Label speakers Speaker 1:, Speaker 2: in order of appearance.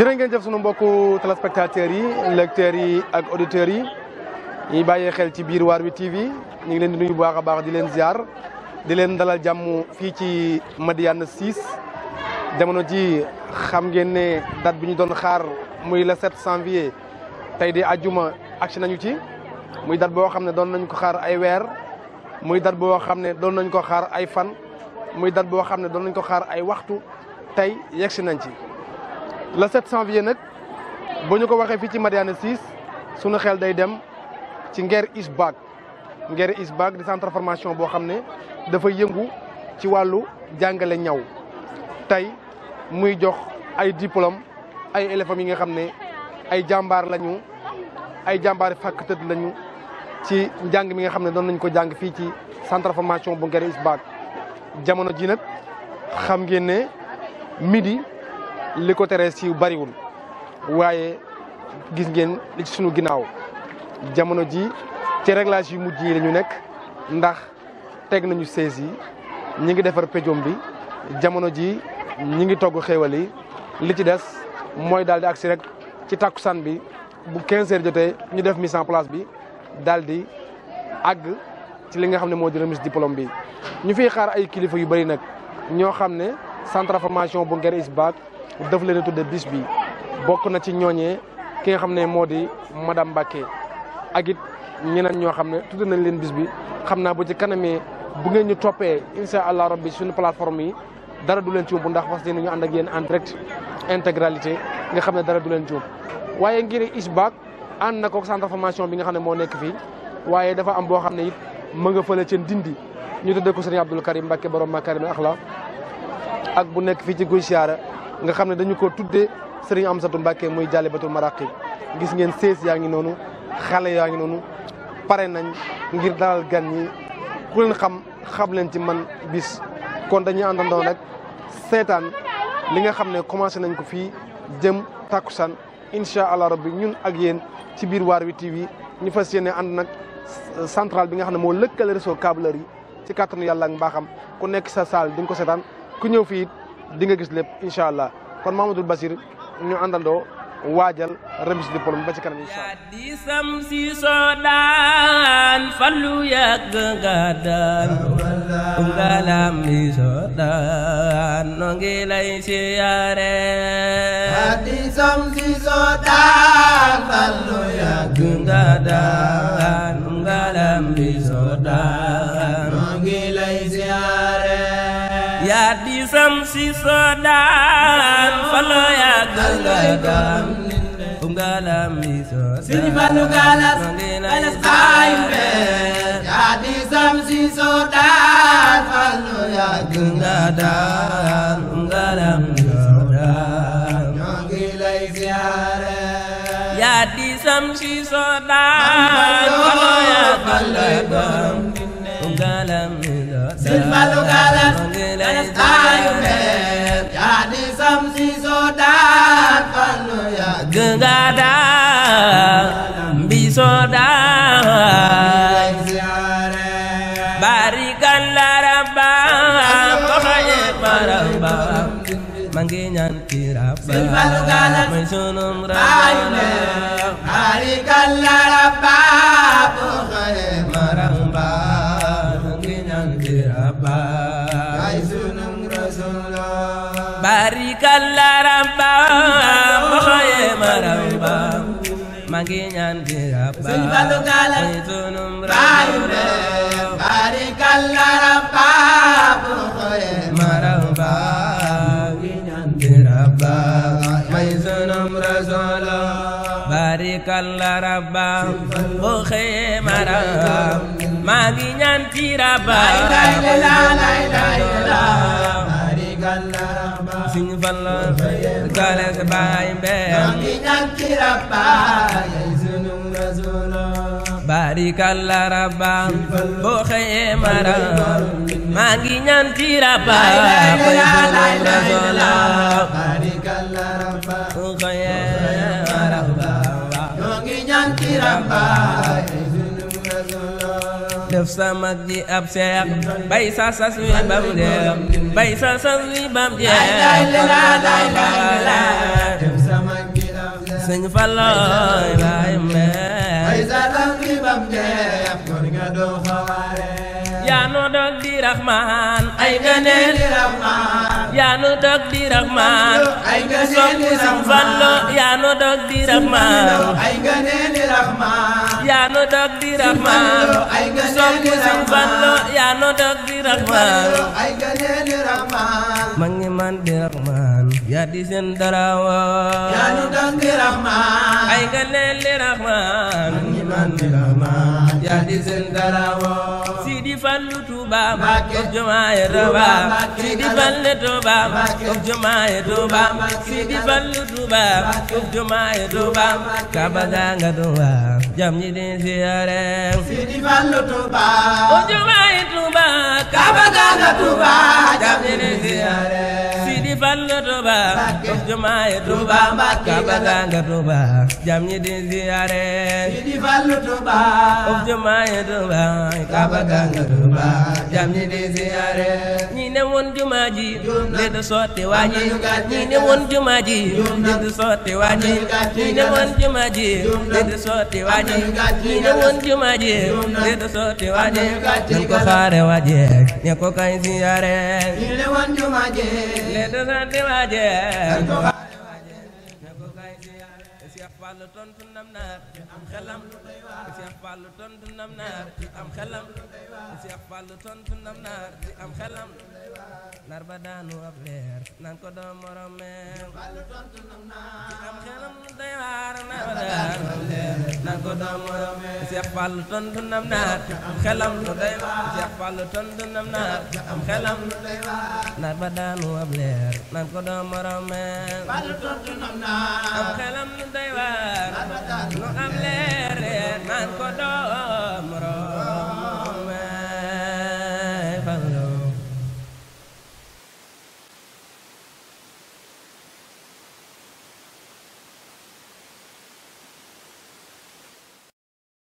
Speaker 1: jërë ngeen jëf sunu mbokku téléspectateurs yi lecteurs yi ak auditeurs yi ñuy bàyyee xel ci biir waar wi TV ñu ngi leen di nuyu bu baax a baax di leen ziar di leen dalal jàmm fii ci Madiane 6 jamono ji xam ngeen ne date bi ñu doon xaar muy le 7 janvier tey di ajuma agsi nañu ci muy dat boo xam ne doon nañ ko xaar ay weer muy date boo xam ne doon nañ ko xaar ay fan muy date boo xam ne doon nañ ko xaar ay waxtu tey yegsi nañ ci. le 7 janvier nag bu ñu ko waxee fii ci Madiana 6 suñu xel day dem ci Nguer ISBAC Nguer ISBAC di centre formation boo xam ne dafa yëngu ci wàllu jàngale ñaw tey muy jox ay diplôme ay élèves yi nga xam ne ay jàmbaar lañu ay jàmbaar fàkk tëdd lañu ci njàng mi nga xam ne doon nañ ko jàng fii ci centre formation bu Nguer ISBAC jamono ji nag xam ngeen ne midi. li ko teree siiw bariwul waaye gis ngeen li ci suñu ginnaaw jamono ji ci réglage yu mujj yi la ñu nekk ndax teg nañu sees yi ñi ngi defar péjom bi jamono ji ñi ngi togg xéewal li ci des mooy daal di si rek ci san bi bu 15 heures jotee ñu def mise en place bi daal di àgg ci li nga xam ne moo di remise diplôme bi ñu fiy xaar ay kilifa yu bëri nag ñoo xam ne centre formation bu Nguer is baat daf leen a tudde bis bi bokk na ci ñooñee ki nga xam ne moo di madame Mbacké ak it ñeneen ñoo xam ne tudde nañ leen bis bi xam naa bu ci kanamee bu ngeen ñu toppee incha allah rabbi suñu plateforme yi dara du leen ci ump ndax parce que ñu ànd ak yéen en direct intégralité nga xam ne dara du leen ci ump waaye ngir i ISBAC ànd na ko centre formation bi nga xam ne moo nekk fii waaye dafa am boo xam ne it mën nga fële ceen dindi ñu tuddee ko sëriñ Abdoul Karim Mbacké borom Makarim Axla ak bu nekk fii ci Guy nga xam ne dañu ko tuddee Serigne Amsatou Mbacké muy Jaalibatul Maraqib gis ngeen sées yaa ngi noonu xale yaa ngi noonu pare nañ ngir dalal gan ñi ku leen xam xam leen ci man bis kon dañuy àndandoo rek seetaan li nga xam ne commencé nañ ko fii jëm takkusaan incha allah rabbi ñun ak yéen ci biir waar wi TV ñu fas yéene ànd nag centrale bi nga xam ne moo lëkkale réseau câbleur yi ci kàttanu yàlla ak mbaaxam ku nekk sa saal di ko seetaan ku ñëw fii di nga gis lépp incha allah kon Mamadou Basir ñu àndandoo waajal remise diplôme ba ci kanam incha
Speaker 2: allah. di fallu yàgg nga daan nga lam di soodaan noo ngi lay siyaare. di sam si soodaan fallu yàgg nga daan. شمس سودان فلا يكلم غالم سيري فالو غالس غالس قايم جادي سمسي سودان فالو يا غنادان غالم سودان نغي لي زياره يا دي سمسي سودان فالو يا غالم غالم سيري فالو غالس غالس قايم gëngada mbisoda bari gallara ba koxoye baraba mangi ñaan ki rabba may sunum rabba bari gallara ba koxoye baraba mangi ñaan ki rabba may sunum rasulullah bari gallara ba maa ngi ñaan gi rabba sëñ Fallu Gala ay tunum rayu re barikalla rabba bu xore maramba ngi ñaan gi rabba may sunum rasolo barikalla rabba bu xore maramba maa ngi ñaan gi rabba barikalla rabba Sëñ Fallu gole si baay mbeen ngi ñaan jëf sa mag ji ab seex bay sa sas wi bam jeex bay sa sas wi bam jeex sëñ Falloy baay mbéy bay sa sas wi bam jeex kon nga doo xawaare yaa noo dog di raxmaan ay ganeel di raxmaan yaa nu dog di raxmaan ay nga neeni raxmaan yaa nu dog di raxmaan ay nga neeni raxmaan yaa nu dog di raxmaan ay nga neeni raxmaan yaa nu dog di raxmaan ay nga neeni raxmaan ma ngi man di raxmaan yaa di seen darawa yaa nu dog di raxmaan ay nga neeni raxmaan ma ngi man di raxmaan jax di seen darawoo Sidi Fallu Tuuba ko jumaaye Tuuba Sidi Fallu Tuuba ko jumaaye Tuuba Sidi Fallu Tuuba ko jumaaye Tuuba Kaaba gaa nga Tuuba jam ñi di siyaare Sidi Fallu Tuuba ko jumaaye Tuuba Kaaba gaa nga Tuuba jam ñi di siyaare gan ñi di ziyaare di fallu Touba comme jumaa ñi di ziyaare woon jumaa ji ne du sotti waa ji ñii ne woon jumaa ji ne du sotti waa ji ñii ne woon jumaa ji ne du sotti waa ji ñii ne woon jumaa ji ne du sotti waa ji nañ ko xaare waa ji ñe ko kañ siyaare ñii ne woon jumaa ji ne du sotti waa ji Fall tontu nam naar am xelam Cheikh Fall tontu nam naar am xelam Cheikh Fall tontu nam naar am xelam nar ba daanu ab leer nan ko doom morom meen am xelam day waar nar ba daanu ab leer nan ko doom morom meen Cheikh Fall tontu nam naar am xelam day waar Cheikh Fall tontu nam naar am xelam day waar nar ba daanu ab leer nan ko doom morom meen Fall tontu nam naar am xelam day waar leer nu am leer naan ko doon